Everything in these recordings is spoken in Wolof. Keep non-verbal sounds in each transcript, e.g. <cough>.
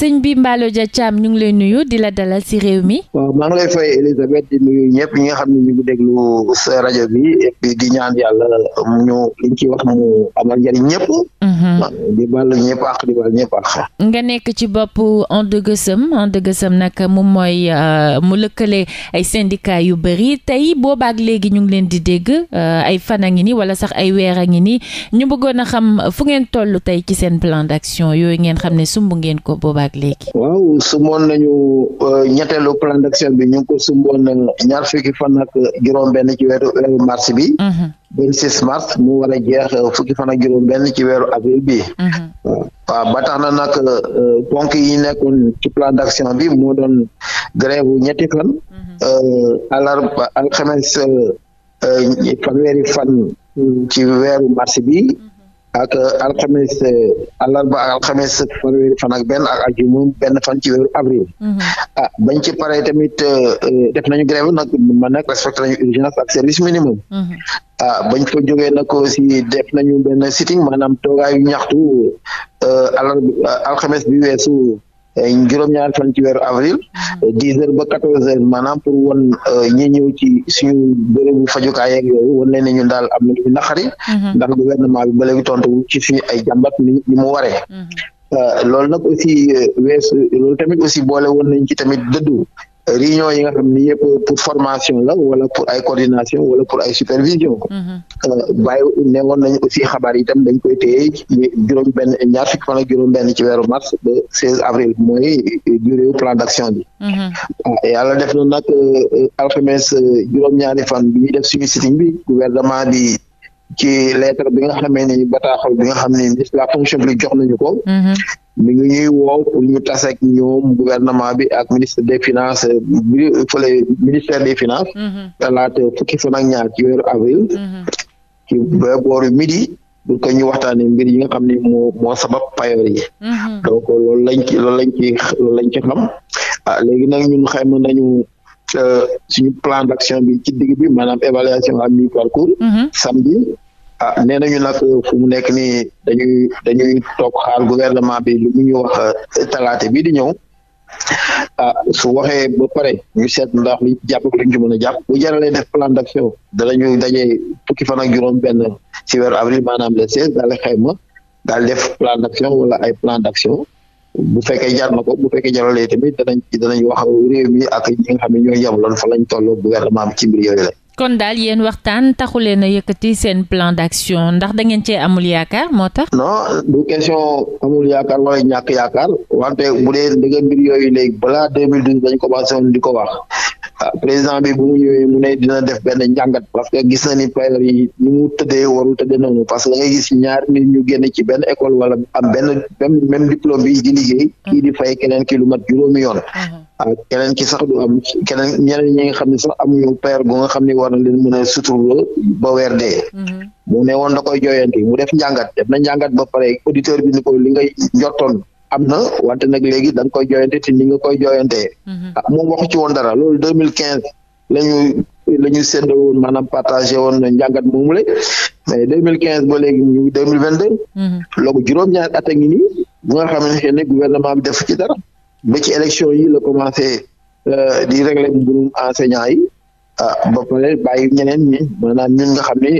sëñ bi Mballo Dia Thiam ñu ngi lay nuyu di la dalal ci réew mi. waaw maa ngi lay fay Elisabeth di nuyu ñëpp ñi nga xam ne ñu ngi déglu sa rajo bi et puis di ñaan yàlla mu ñu liñ ci wax mu amal njëriñ ñëpp. Mhm. di nga nekk ci bopp And Gueusseum And Gueusseum nag moom mooy euh, mu lëkkale ay syndicat yu bëri tey boobaak léegi ñu ngi leen di dégg euh, ay fan a ngi ni wala sax ay weer a ngi ni ñu bëggoon a xam fu ngeen toll tey ci seen plan d'action yooyu ngeen xam ne sumb ngeen ko boobaak ak léegi. waaw sumboon nañu euh, ñetteelu plan d'action bi ñu ngi ko sumboon ñaar fukki fan ak juróom-benn ci weeru mars bi. Mhm. vingt six mars mu war a jeex euh, fukki fan ak juróom-benn ci weeru avril bi. Mhm. waaw ba tax na nag euh, ponk yi nekkoon ci plan d'action bi moo doon grève ñetti fan. Mhm. alarba alxames fanweeri fan ci weeru mars bi. ak alxames àllarba ak alxames fanweeri fan ak benn ak ajuma benn fan ci weeru avril. Mhm. ah bañ ci paree tamit euh, euh, def nañu grève nag man nag respecté nañu urgence ak service minimum. Mhm. ah bañ fa jógee nag aussi def nañu benn sitting maanaam toogaayu ñaxtu euh, àllarba alxames Eh, juróom-ñaar fan ci weeru avril mm-hmm. eh, dix heures ba quatorze heures maanaam pour won eh, ñi ñëw ci suñu bérébu fajukaay ak yooyu wan leen ne ñun daal am na lu naqari mm-hmm. ndax gouvernement bi ba léegi tontu ci suñu ay jàmbat ni mu waree mm-hmm. loolu nag aussi weesu loolu tamit aussi boole woon nañ ci tamit dëddu réunion yi nga xam ni yëpp pour formation la wala pour ay coordination wala pour ay supervision mhm. euh, bàyyi ne woon nañu aussi xabaar itam dañ koy téye juróom ñaar fukki fan juróom benn ci weeru mars ba seize avril mooy durée plan d'action bi mhm. ah, yàlla def na nag euh, alxames euh, juróom-ñaari fan bi ñuy def suñu sitting bi gouvernement bi ci lettre bi nga xamee ni bataaxal bi nga xam ne ministre de la fonction publique jox nañu ko mhm. mi ngi ñuy woo pour ñu taseeg ñoom gouvernement bi ak ministre des finances bi fële ministère des finances mm-hmm. laata fukki fan ak ñaar ci weeru avril mm-hmm. ci midi pour que ñu waxtaanee mbir yi nga xam ne moo moo sabab payoor yi mm-hmm. donc loolu lañ ci lañ ci loolu lañ ci xam ah léegi nag ñun xayma nañu euh, suñu plan d' action bi ci digg bi maanaam évaluation à mi parcours samedi ah nee nañu nag euh, fu mu nekk nii dañuy dañuy toog xaar gouvernement bi lu mu ñu wax euh, talaate bii di ñëw a ah, su waxe ba pare ñu seet ndax li jàpp ko luñ ci mën a jàpp bu jaralee def plan d'action danañu daje fukki fan ak juróom benn ci weeru avril maanaam le 16 daal di daal def plan d'action wala ay plan d'action bu fekkee jar na ko bu fekkee jaralee tamit danañ danañ wax réew mi ak ñi nga xam ne ñoo yabaloon fa lañ toll gouvernement bi ci mbir yooyu la kon daal yéen waxtaan taxu leen a yëkkati seen plan d'action ndax da ngeen cee amul yaakaar moo tax. non du question amul yaakaar wala ñàkk yaakaar wante bu dee dëgg mbir yooyu léegi balaa deux mille douze dañ commencé woon di ko wax ah, président bi bu mu ñëwee mu ne dina def benn njàngat parce que gis na ni payeur yi ni mu tëddee warul tëddee noonu parce que da ngay gis ñaar nit ñu génn ci benn école wala am benn même diplôme bi di liggéey mm. kii di fay keneen kii lu mat yoon. Mm-hmm. keneen ki sax du am keneen ñeneen ñi nga xam ne sax amuñu père bu nga xam ne war na leen mën a suturloo ba weer dee. Mhm. mu ne woon da koy jooyanti mu def njàngat def na njàngat ba pare auditeur bi da nga koy jooyante te ni nga koy jooyantee. Mhm. ah moom waxu ci woon dara loolu deux mille quinze la ñu la ñu séddoo woon maanaam partagé woon njàngat mais deux mille quinze ba léegi ñu deux mille vingt deux. Mhm. loolu juróom-ñaari at a ngi nii bu nga def ci dara. ba ci élection yi la commencé euh, di régler mbirum enseignant yi ah ba pare bàyyi ñeneen ñi maanaam ñun nga xam ne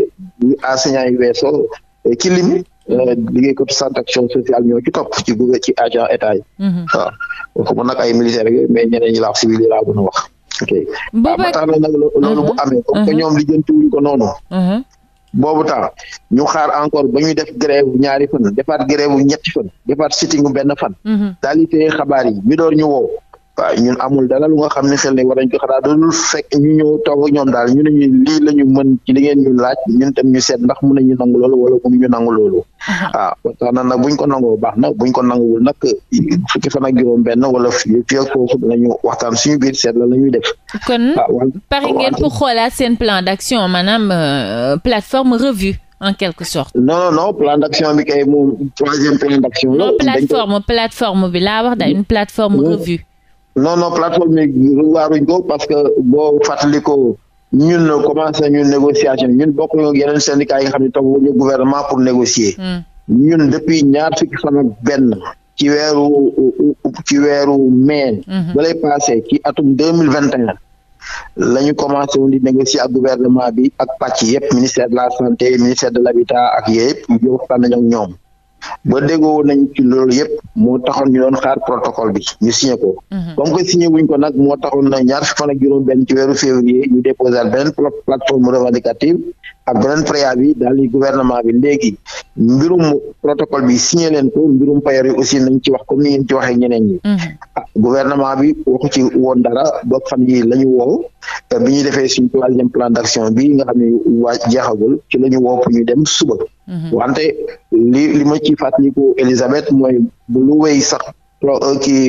ñu enseignant yi weesoo euh, ci limi euh, liggéey ko centre action sociale ñoo ci topp ci gouver ci agent état yi waaw ko mën nag ay militaire rek mais ñeneen ñi laa civil yi laa mën a wax ok ba tax na nag loolu bu mhm. amee comme mhm. ñoom lijjantiwuñ ko noonu mhm. boobu temps ñu xaar encore ba ñuy def grève ñaari fan defaat grève ñetti fan defaat sitting benn fan mhm. daal xabaar yi ñu ñu woo waaw ñun amul dara lu nga xam ne xel ne war nañ ko xalaat dul fekk ñu ñoom daal ñu ne ñu lii la ñu mën ñu laaj ñun tam ñu seet ndax mun nañu nangu loolu wala mun ñu nangu loolu <laughs> waaw ba tax na nag buñ ko nangoo baax na buñ ko nanguwul nag fukki fan ak juróom benn wala fii fii ak foofu danañu waxtaan suñu biir seet la la ñuy def kon pare ngeen pour xoolaat seen plan d'action maanaam euh, plateforme revue en quelque sorte. non non non plan d'action bi kay moom troisième plan d'action. non plateforme plateforme bi laa wax daal une plateforme revue non non plateforme yi revoiruñ ko parce que boo fàttalikoo ñun commencé ñun négociation ñun bokk ñu yeneen syndicats yi xam ne toog ñu pour négocier. Hmm. ñun depuis ñaar fukki fan benn ci weeru ci weeru mai. Hmm. ba lay passé ci atum deux mille vingt et un la ñu commencé woon di négocier ak gouvernement bi ak pàcc yëpp ministère de la santé ministère de l'habitat ak yëpp yëpp waxtaan ñoom. ba déggoo nañ ci loolu yëpp moo taxoon ñu doon xaar protocole bi ñu signé ko. Mhm. comme que signé wuñ ko nag moo taxoon na ñaar fan ak juróom-benn ci février ñu déposé beneen plateforme revendicative ak beneen préavis daal di bi léegi mbirum protocole bi signé leen ko mbirum payeur yi aussi nañ ci wax comme ni ngeen ci waxee ñeneen ñi. Mm-hmm. ah gouvernement bi waxu ci woon dara ba fan yi la ñu woo eh, bi ñu defee suñ troisième plan d' action bi nga xam ne waa ci la ñu woo dem suba. Mm-hmm. wante li li ci fàttaliku Elisabeth mooy bu lu sax. plan 1 kii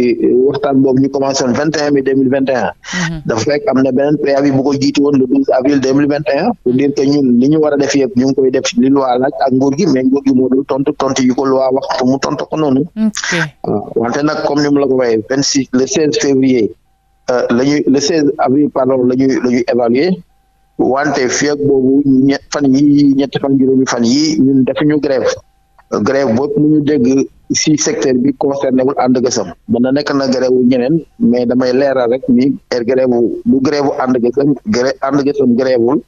waxtaan boobu ñu commencé woon vingt et un mai deux mille vingt et un mhm. dafa fekk am na beneen préavis bu ko woon le douze avril deux mille vingt et un ñu war a def yëpp ñu koy def li loi laaj ak nguur gi mais nguur gi moo dul tontu tontu yu wax pour mu tontu ko noonu waaw wante nag comme la ko waxee vingt six le seize février euh, la ñuy le seize avril pardon la ñuy la ñuy évaluer wante fii ak boobu fan yi ñetti fan juróomi fan yi ñun defuñu grève grève boobu ñu dégg si secteur bi concerné wul ànd gësëm mën na nekk na grève ñeneen mais damay leeral rek ni er grève wu du grève wu ànd gësëm grève ànd gësëm grève wul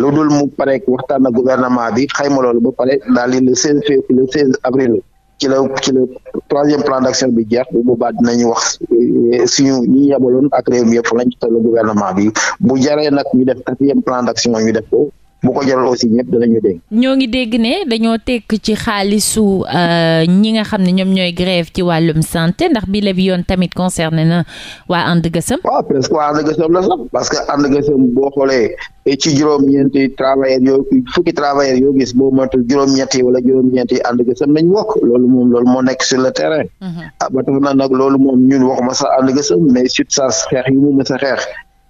lu dul mu pareeg waxtaan ak gouvernement bi xayma loolu ba pare daal di le seize fév le seize avril kilo la ci la troisième plan d'action bi jeex bu boobaa dinañu wax euh, suñu ñu yabaloon ak yoo mi yëpp lañ ci toll gouvernement bi bu jaree nag ñu def quatrième plan d'action ñu def ko bu ko jaral aussi ñëpp danañu dégg. ñoo ngi dégg ne dañoo tekk ci xaalisu euh, ñi nga xam ne ñoom ñooy grève ci wàllum santé ndax bi la bi yoon tamit concerné na waa And Gueusseum. waaw ah, presque waa And Gueusseum la sax parce que And Gueusseum boo xoolee eh, ci juróom-ñeenti travailleurs yoo fukki travailleurs yoo gis boo moytu juróom-ñetti wala juróom-ñeenti And Gueusseum lañ bokk loolu moom loolu moo nekk si le terrain. Mhm. ah ba tax na nag loolu moom ñun waxuma sax And Gueusseum mais sut sa xeex yu mu mës a xeex.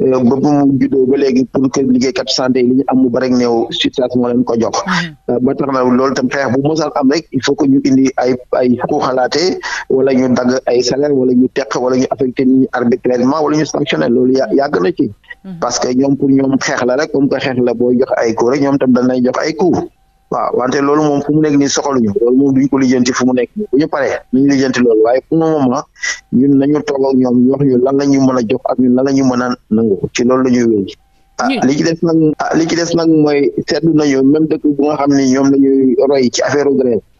Euh, ba bu mu juddoo ba léegi pour que liggéeykat santé yi li ñu situation ko jox mm-hmm. euh, ba tax na loolu tam xeex bu mosal am rek il faut que ñu indi ay ay ku xalaatee wala ñu dagg ay salaire wala ñu teq wala ñu arbitrairement wala ñu sanctionné loolu yàgg na ci mm-hmm. parce que ñoom pour ñoom xeex la rek comme que xeex la boo jox ay coup rek ñoom tam dañ lay jox ay coup waaw wante loolu moom fu mu nekk nii soxaluñu loolu moom duñ ko lijjanti fu mu nekk nii bu ñu paree ñu lijjanti loolu waaye pour le moment ñun nañu toog ak ñoom ñu wax ñu lan la ñu mën a jox ak ñun lan la ñu mën a nangu ci loolu la ñuy wéy ah li ci des nag ah li ci des nag mooy seetlu nañu même dëkk bu nga xam ni ñoom la ñuy roy ci affaire grève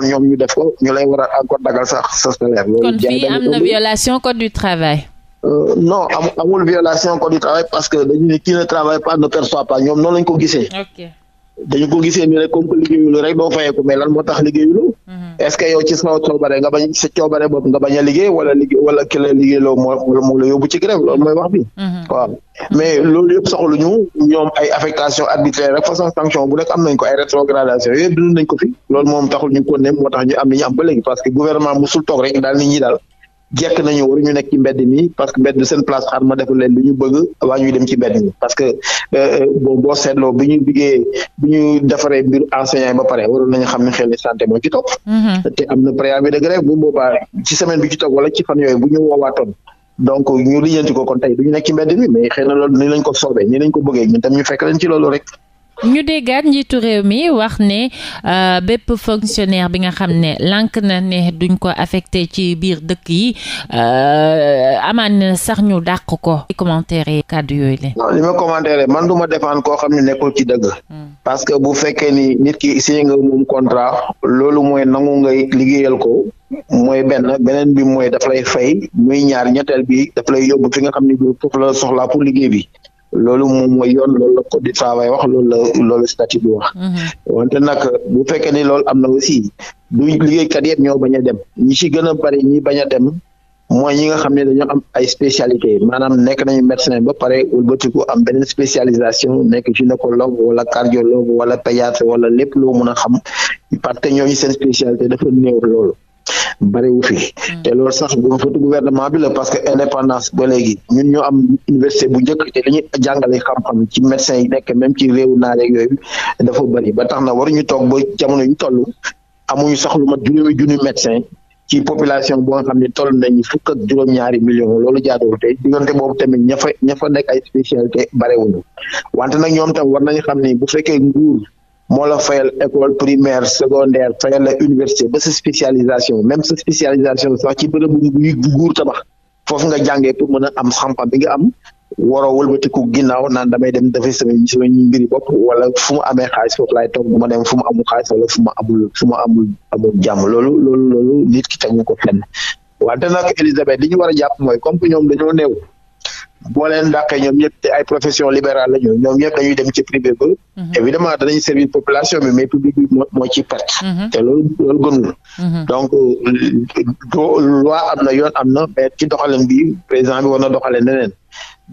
taxoon ñoom ñu def ko ñu lay a encore dagal sax am na violation code du travail. Euh, non amul violation code du travail parce que dañu ne ne travaille pas ne perçoit pas ñoom noonu lañ ko dañu ko gisee nii rek comme que mhm. est ce que yow ci sa nga bañ a liggéey wala liggéey wala ki la mooy wax bi. Mhm. waaw mhm. mais loolu yëpp soxluñu ñoom ay affectation arbitraire rek façon sanction bu nekk am nañ ko ay rétrogradation yooyu dund nañ ko fi loolu moom taxul ne moo ñu am li ñu parce que gouvernement musul toog rek daal nit daal. jekk nañu war ñu nekk ci mbedd mi parce que mbedd du seen place xaar ma defal leen lu ñu bëgg waa ñuy dem ci mbedd mi parce que euh, euh, boo ñu liggéeyee bi ñu defaree mbir enseignant yi ba pare waroon nañu xam ne xel ni santé moo ci topp mm-hmm. te am na préavis de grève bu boobaa ci semaine bi ci topp wala ci fan yooyu bu ñu woowaatoon donc ñu lijjanti ko kon tey du ñu nekk ci mbedd mi mais xëy loolu ni lañ ko soobee ni lañ ko bëggee ñun tam ñu fekk leen ci loolu rek ñu déggaat njiitu réew mi wax ne euh, bépp fonctionnaire bi nga xam ne lank na ne duñ ko affecté ci biir dëkk yi euh, amaan na sax ñu dàq ko i commentaire kàddu yooyu leen li ma commentaire man du ma défendre koo xam ne nekkul ci dëgg hmm. parce que bu fekkee ni nit ki signé nga moom contrat loolu mooy nangu ngay liggéeyal ko mooy benn beneen bi mooy daf lay fay muy ñaar ñetteel bi daf lay yóbbu fi nga xam ne foofu la soxla pour liggéey bi loolu moom mooy yoon loolu la code du travail wax loolu la loolu statut bi wax. Mhm. wante nag bu fekkee ni loolu am na aussi liggéey liggéeykat yëpp ñoo bañ a dem ñi ci gën a bari ñi bañ a dem. mooy ñi nga xam ne dañoo am ay spécialité maanaam nekk nañu médecin ba pare wëlbatiku am beneen spécialisation nekk ci gynécologue wala cardiologue wala pédiatre wala lépp loo mën a xam parce que ñooñu seen spécialité dafa néew loolu bariwu fi hmm. te loolu sax du gouvernement bi la parce que indépendance ba léegi ñun ñoo am université bu njëkk te li ñu jàngale xam-xam ci médecins yi nekk même ci réewu naare yooyu dafa bari ba tax na waruñu toog ba jamono ñu toll amuñu sax lu mat juróomi junni médecin ci population boo xam ne toll nañu fukk ak juróom-ñaari million loolu jaaduwul te diggante boobu tamit ña fa ña fa nekk ay spécialité barewuñu wante nag ñoom tam war nañu xam ne bu fekkee nguur moo la fayal école primaire secondaire fayal la université ba sa spécialisation même sa spécialisation sax ci bërëb bu guur tabax foofu nga jàngee pour mën a am xam-xam i nga am waroo wëlbatiku ginnaaw naan damay dem dafay sama sama mbiri bopp wala fu mu amee xaalis foofu laay toog bu ma dem fu mu amul xaalis wala ma amul fu ma amul amul jàmm loolu loolu loolu nit ki tegu ko fenn wante nag Elisabeth li ñu war a jàpp mooy comme que ñoom dañoo néew boo leen dàqee ñoom ñëpp profession libérale la ñu ñoom ñëpp dem ci privé ba. Mhm. évidemment danañ servir population bi mais public bi moo moo perte. Mhm. te loolu loolu mhm. donc loi am na yoon am na mais ci doxalin bi président bi war na doxalee neneen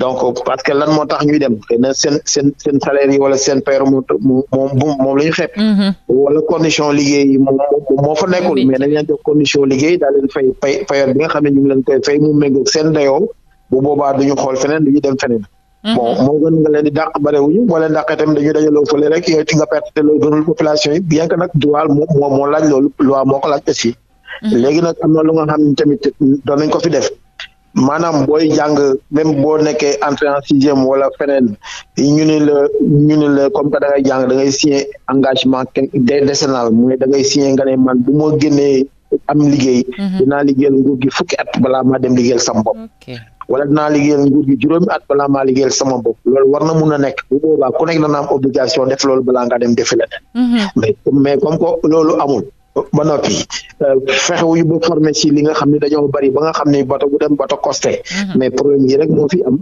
donc parce que lan moo tax ñuy dem xëy na seen seen seen salaire yi wala seen paire moom moom moom la ñu xeeb. wala condition liggéey yi moom moo fa nekkul mais condition liggéey daa fay pay bi nga xam ne ñu ngi leen koy fay mu méngóog seen dayoo. bu boobaa duñu xool feneen duñu dem feneen. Mm-hmm. bon moo gën nga leen di dàq barewuñu boo leen dàqee rek yooyu ci perte te loolu population yi nag droit moo moo moo laaj loolu loi moo ko laaj aussi. Mm-hmm. léegi na lu nga xam tamit doon nañ ko fi def. maanaam booy jàng même boo nekkee entrée en sixième wala feneen ñu ni le ñu ni la comme que da ngay jàng da ngay signé engagement décennal mooy da ngay signé nga ne bu ma génnee am liggéey. Mm-hmm. dinaa liggéeyal nguur gi fukki at balaa maa dem liggéeyal sam wala dinaa liggéeyal nguur gi juróomi at balaa maa liggéeyal sama bopp loolu war na mun a nekk bu boobaa ku nekk dana am obligation def loolu balaa nga dem defi leneen mhm. mais mais comme a loolu amul ba noppi euh, fexewuñu ba formé si li nga xam ne dañoo bari ba nga xam ne bato bu dem bato costé mhm. mais problème yi rek moo fi am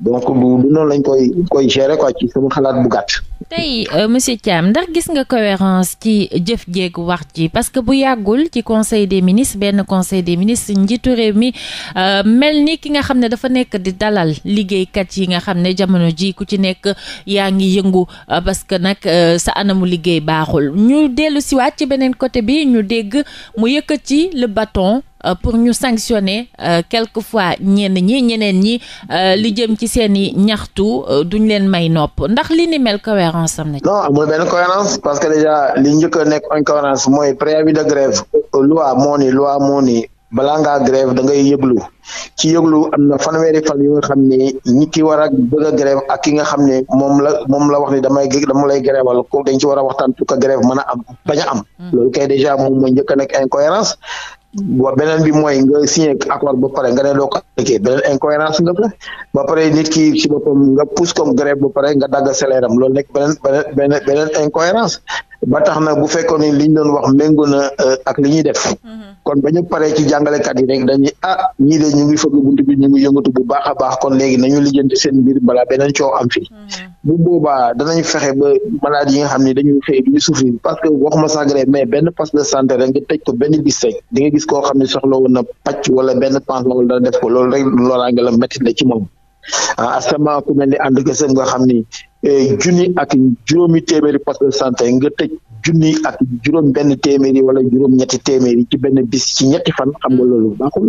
donc du noonu lañ koy koy gérer quoi ci sama xalaat bu gàtt. tey euh, monsieur Thiam ndax gis nga cohérence ci jëf jéeg wax ji parce que bu yàggul ci conseil des ministre benn conseil des ministres njiitu réew mi euh, mel ni ki nga xam ne dafa nekk di dalal liggéeykat yi nga xam ne jamono ji ku ci nekk yaa ngi yëngu euh, parce que nag sa anamu liggéey baaxul ñu dellu siwaat ci beneen côté bi ñu dégg mu yëkkati le bâton Euh, pour ñu sanctionner euh, quelquefois ñenn ñi ñeneen ñi euh, li jëm ci seen ñaxtu ñaxtu duñ leen may nopp ndax li ni mel cohérence am na. non amul benn cohérence parce que déjà li njëkk a nekk incohérence mooy préavis de grève loi moo ni loi moo ni balaa ngaa grève da ngay yëglu ci yëglu am na fanweeri fan yu nga xam ni ñi ki war a bëgg grève ak ki nga xam ne moom la moom la wax ni damay dama lay gréewal ko dañ ci war a waxtaan ko que grève mën am bañ am mm. loolu kay déjà moom mooy njëkk nekk incohérence wa beneen bi mooy nga signé accord ba pare nga ne doo ko appliqué beneen incohérence la ba pare nit ki ci boppam nga pousse comme grève ba pare nga dagg salaire am nekk beneen beneen incohérence ba tax na bu fekkoon ni li ñu doon wax méngoo na euh, ak li ñuy def mm-hmm. kon ba ñu paree ci jàngalekat yi rek dañuy a ah, ñii de ñu ngi fëgg bunt bi ñu ngi bu baax a baax kon léegi nañu lijjanti seen mbir balaa beneen coow am fii mm-hmm. bu boobaa danañ fexe ba a yi nga xam ne dañuy xëy duñu souffrir parce que waxuma sangre mais benn poste de santé rek nga tëj ko benn bis rek di gis koo xam ne soxla woon na pàcc wala benn pension wala dana def ko loolu rek loolaa nga la métti la ci moom ah asamaa ku mel ni ànd ak nga xam ni eh, junni ak juróomi téeméeri poste de santé nga tëj junni ak juróom benn téeméeri wala juróom ñetti téeméeri ci benn bis ci ñetti fan xam nga loolu baaxul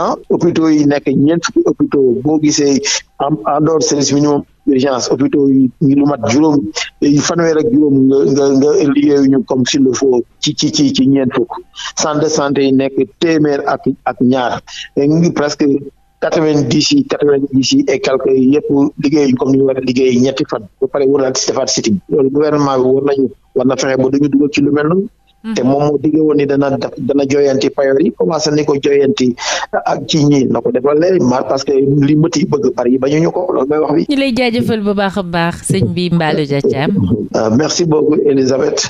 ah hôpitaux yi nekk ñeent fukki hôpitaux boo gisee en en dehors service minimum urgence hôpitaux yi lu mat juróom eh, fanweer ak juróom nga nga nga liggéeyuñu comme s'il le faut ci ci ci ci ñeent fukk centre santé yi nekk téeméer ak ak ñaar eh, presque quatre-vingt-dix yi quatre-vingt-dix yi et quelques yi liggéey comme ni war a liggéey ñetti fan ba pare war naa defaat sitting loolu gouvernement bi nañu war na fexe ba duñu dugal ci lu mel noonu mhm. te moom moo digge ni dana def dana joyanti payoor yi ni ko joyanti ak ci ñi na ko defal parce que li mët bëgg par yi bañu ko loolu mooy wax bi. ñu lay jaajëfal bu baax a baax sëñ bi Mballo Dia euh, merci beaucoup Elisabeth.